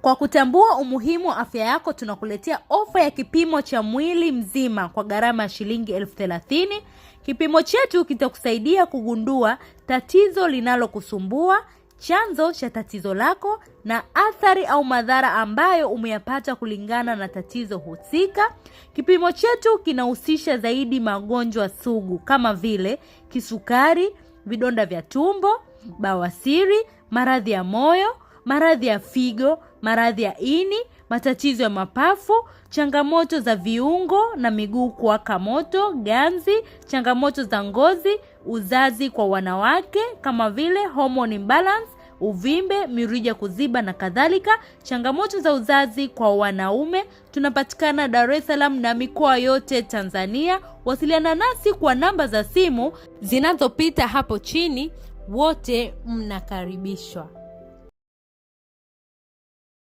Kwa kutambua umuhimu wa afya yako, tunakuletea ofa ya kipimo cha mwili mzima kwa gharama ya shilingi elfu thelathini. Kipimo chetu kitakusaidia kugundua tatizo linalokusumbua, chanzo cha tatizo lako, na athari au madhara ambayo umeyapata kulingana na tatizo husika. Kipimo chetu kinahusisha zaidi magonjwa sugu kama vile kisukari, vidonda vya tumbo, bawasiri, maradhi ya moyo maradhi ya figo, maradhi ya ini, matatizo ya mapafu, changamoto za viungo na miguu kuwaka moto, ganzi, changamoto za ngozi, uzazi kwa wanawake kama vile hormone imbalance, uvimbe, mirija kuziba na kadhalika. Changamoto za uzazi kwa wanaume. Tunapatikana Dar es Salaam na mikoa yote Tanzania. Wasiliana nasi kwa namba za simu zinazopita hapo chini. Wote mnakaribishwa.